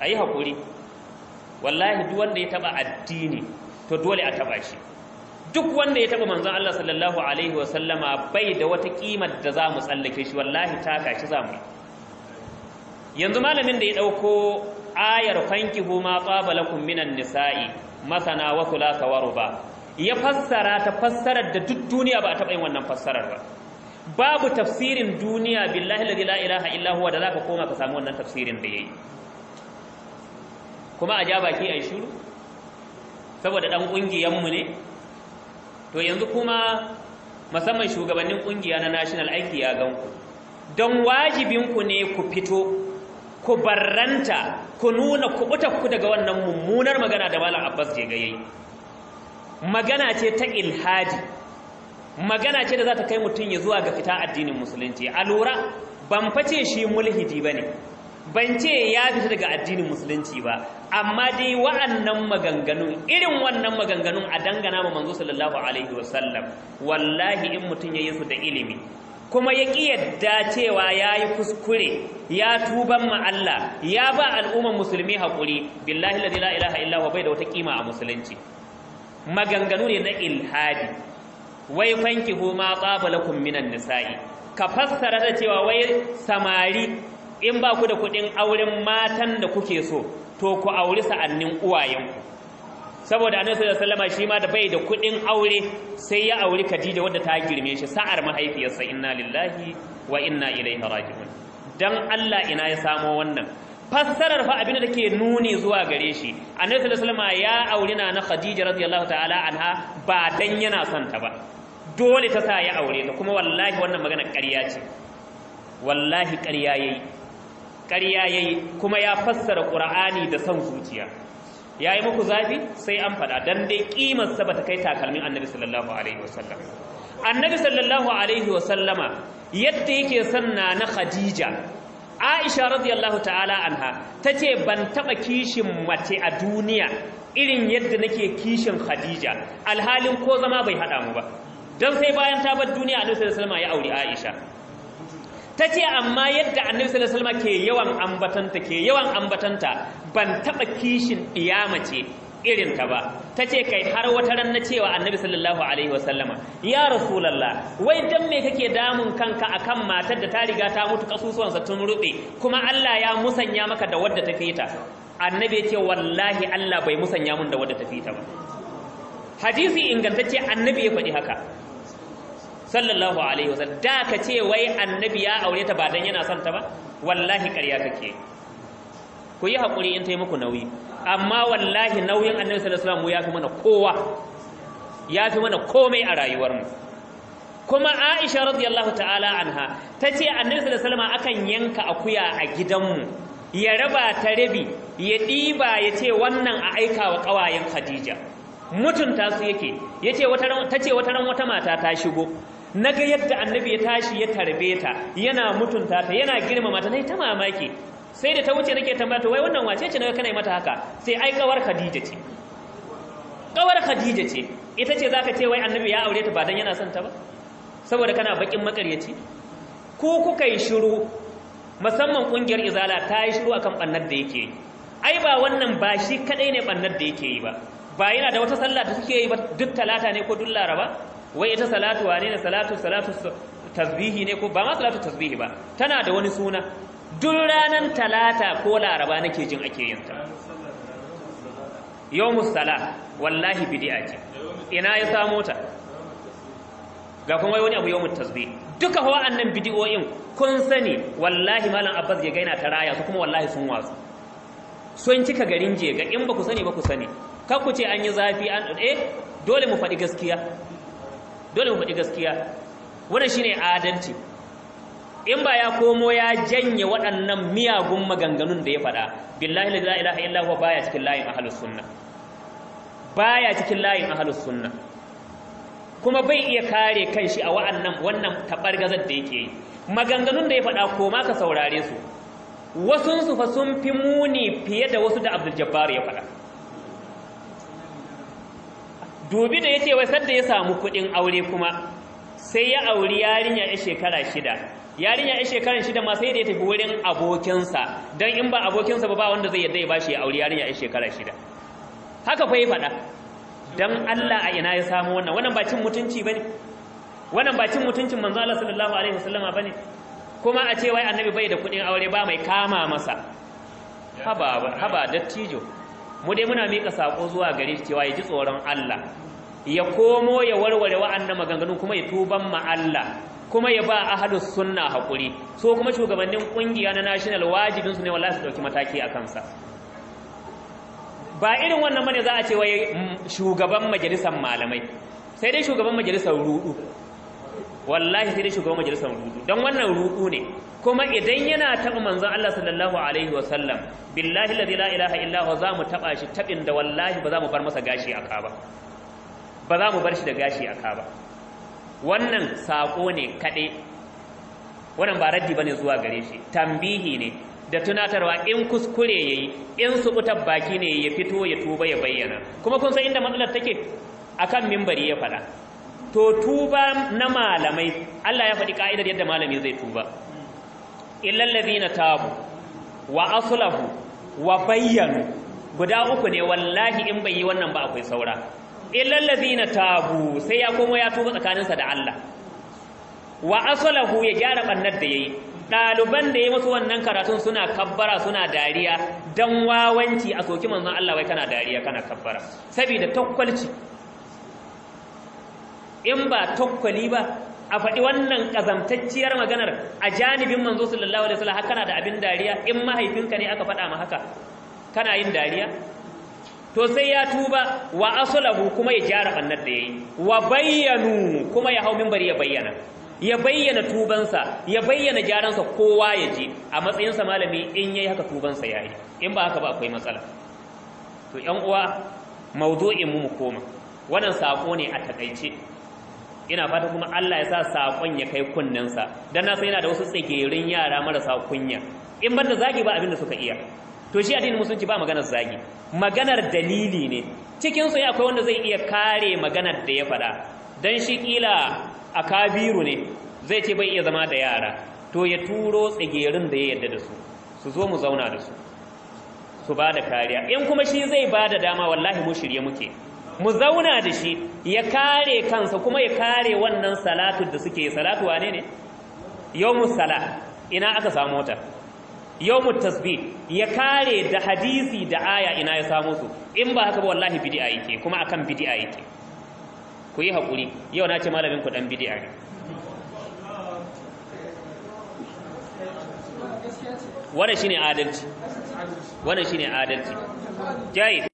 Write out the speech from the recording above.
a yi haƙuri wallahi duk wanda ya taɓa addini to dole a taɓa shi duk wanda ya taɓa manzon Allah sallallahu alaihi wa sallama bai da wata ƙimar da za mu tsallake shi wallahi ta shi za mu yanzu malamin da ya ɗauko ayar fanki huma, tsaba minan nisa'i masana wa thulatha wa ruba ya fassara ta fassarar da duk duniya ba a taɓa yin wannan fassarar ba babu tafsirin duniya billahi la ilaha illa huwa da zaka koma ka samu wannan tafsirin da yayi kuma a ja baki a yi shuru saboda ɗan ƙungiyanmu ne to yanzu kuma musamman shugabannin ƙungiya na national aiki ya ganku don ku ne ku fito ku barranta ku nuna kuɓutakku daga wannan mummunar magana da malam abbas je gayayi magana ce ta ilhadi magana ce da za ta kai mutum ya zuwa ga fita addinin musulunci a lura ban face shi mulhidi ba ne ban ce ya fita daga addinin musulunci ba amma dai wa'annan maganganun irin wannan maganganun a dangana ma manzo sallallahu alaihi wasallam wallahi in mutum ya yi su da ilimi kuma ya ƙi yadda cewa ya yi kuskure ya tuban ma Allah ya ba al'ummar musulmi haƙuri billahi la ilaha illa wa bai da wata kima a musulunci maganganu ne na ilhadi wai fanki ma qabalakum minan nisa'i ka fassara da cewa wai samari in ba ku da kuɗin auren matan da kuke so to ku auri sa'annin uwayenku saboda annabi sallallahu alaihi wasallam shi ma da bai da kuɗin aure sai ya auri Khadija wadda ta girme shi sa'ar mahaifiyarsa inna lillahi wa inna ilaihi raji'un dan Allah ina ya samo wannan fassarar fa abin da take nuni zuwa gare shi annabi sallallahu alaihi wasallam ya auri na na Khadija radiyallahu ta'ala anha ba dan yana son ta ba dole ta sa ya aure ta kuma wallahi wannan magana ƙarya ce wallahi ƙarya yayi ƙarya ya yi kuma ya fassara ƙura'ani da son zuciya ya yi muku zafi sai an faɗa don dai ƙimarsa ba ta kai takalmin annabi sallallahu alaihi wasallam annabi sallallahu alaihi wasallama yadda yake sanna na khadija aisha radiyallahu ta'ala anha ta ce ban taɓa kishin mace a duniya irin yadda nake kishin khadija alhalin ko zama bai haɗa mu ba don sai bayan ta bar duniya annabi sallallahu alaihi wasallama ya auri aisha ta ce amma yadda annabi sallallahu ke yawan ambatanta ke yawan ambatanta ban taba kishin iyama ce irin ta ba ta ce kai har wata ran na cewa annabi sallallahu alaihi wasallama ya rasulallah wai dan me kake damun kanka akan matar da ta riga ta mutu kasusuwansa tun rube kuma Allah ya musanya maka da wadda ta fita annabi ya ce wallahi Allah bai musanya mun da wadda ta fita ba hadisi ingantacce annabi ya faɗi haka sallallahu alaihi wasallam da ka ce wai annabi ya aure ta ba dan yana son ta ba wallahi ƙarya kake ku yi haƙuri in ta muku nauyi amma wallahi nauyin annabi sallallahu alaihi wasallam ya fi mana kowa ya fi mana komai a rayuwarmu kuma Aisha radiyallahu ta'ala anha tace annabi sallallahu alaihi wasallam akan yanka akuya a gidan mu ya raba ta rabi ya diba ya ce wannan a aika wa ƙawayen Khadija mutunta su yake yace wata tace wata ran wata mata ta shigo Na ga yadda annabi ya tashi ya tarbe ta yana mutunta ta yana girmama ta yi ta mamaki sai da ta wuce nake tambaya to wai wannan wace ce naga kana mata haka sai ai kawar Khadija ce kawar Khadija ce ita ce zaka ce wai annabi ya aure ta ba dan yana son ta ba saboda kana bakin makaryaci ko kuka yi shiru musamman kungiyar izala ta yi shiru akan bannar da yake yi ai ba wannan ba shi kadai ne bannar da yake yi ba ba yana da wata sallah da suke yi ba duk talata ne ko duk laraba wai ita salatu wane ne salatu salatu tasbihi ne ko ba ma salatu tasbihi ba tana da wani suna duk ranar talata ko laraba nake jin ake yin ta yawmus sala wallahi bid'a ce ina ya samo ta ga kuma wani abu yawmus tasbih duka ho annan bid'o'in kun sani wallahi malam abbas ya gaina ta raya su kuma wallahi sun wasu. sun cika garin jega in ba ku sani ba ku sani kar ku ce an yi zafi an eh dole mu faɗi gaskiya dole mu faɗi gaskiya wannan shine adalci in ba ya komo ya janye waɗannan miyagun maganganun da ya faɗa billahi la ilaha illa huwa baya cikin layin ahlus sunna baya cikin layin ahlus sunna kuma bai iya kare kanshi a wa'annan wannan tabargazar da yake yi maganganun da ya faɗa ko ma ka saurare su wasunsu fa sun fi muni fiye da wasu da Abdul Jabbar ya faɗa dubi da yace wai sanda ya samu kuɗin aure kuma sai ya auri yarinya ya shekara shida yarinya ya shekara shida ma sai da ya tafi wurin abokinsa don in ba abokinsa ba ba wanda zai yadda ya bashi ya auri yarinya ya shekara shida haka fa ya faɗa don Allah a ina ya samu wannan wannan ba cin mutunci bane wannan ba cin mutuncin manzo Allah sallallahu alaihi wasallama bane kuma a ce wai annabi bai da kuɗin aure ba mai kama masa haba haba dattijo mu dai muna mika sako zuwa gare cewa ya ji tsoron Allah ya komo ya warware wa'annan maganganun kuma ya tuban ma Allah kuma ya ba ahlus sunna hakuri so kuma shugabannin ƙungiya na national wajibin su ne wallahi su dauki mataki a kansa ba irin wannan bane za a ce wai shugaban majalisar malamai sai dai shugaban majalisar rudu wallahi sai dai shugaban majalisar rudu don wannan rudu ne kuma idan yana taɓa manzon Allah sallallahu alaihi wa billahi alladhi la ilaha illa huwa zamu taba shi tabin da wallahi ba za mu bar masa gashi a kaba. ba za mu bar shi da gashi a kaba. ba wannan sako ne kade wannan ba raddi bane zuwa gare shi tambihi ne da tunatarwa in kuskure yayi in subutar baki ne ya fito ya tuba ya bayyana kuma kun san inda matsalar take akan mimbari ya faɗa to tuba na malamai Allah ya faɗi ka'idar yadda malami zai tuba illal ladina tabu wa aslahu wa bayyanu guda uku ne wallahi in bai yi wannan ba akwai saura illal ladina tabu sai ya komo ya tuba tsakaninsa da Allah wa aslahu ya gyara bannar da yayi ɗaliban da ya musu wannan karatun suna kabbara suna dariya dan wawanci a soki manzon Allah wai kana dariya kana kabbara saboda takwalci in ba tokkwali ba a faɗi wannan ƙazamtacciyar maganar a janibin manzo sallallahu alaihi wasallam kana da abin dariya in mahaifinka ne aka faɗa ma haka kana yin dariya to sai ya tuba wa aslahu kuma ya jara bannar da yayi wa bayyanu kuma ya hau minbari ya bayyana ya bayyana tubansa ya bayyana jaransa kowa ya je a matsayinsa malami in yayi haka tubansa ya yi. in ba haka ba akwai matsala to ƴan uwa mu mu koma wannan sako ne a takaice ina fata kuma Allah ya sa saƙon ya kai kunnensa dan na san yana da wasu tsigerin yara marasa kunya in banda zagi ba abin da suka iya to shi addinin musulunci ba maganar zagi maganar dalili ne cikin su akwai wanda zai iya kare maganar da ya faɗa dan shi kila Kabiru ne zai ce bai iya zama da yara to ya turo tsigerin da ya yarda da su su zo mu zauna da su su ba da kariya in kuma shi zai ba da dama wallahi mu shirye muke mu zauna da shi ya kare kansa kuma ya kare wannan salatu da suke salatu wane ne yawmu sala ina aka samu ta yawmu tasbih ya kare da hadisi da aya ina ya samu su in ba haka ba wallahi bid'a yake kuma akan bid'a yake ku yi hakuri yau na ce malamin ku dan bid'a ne wannan shine adalci wannan shine adalci jai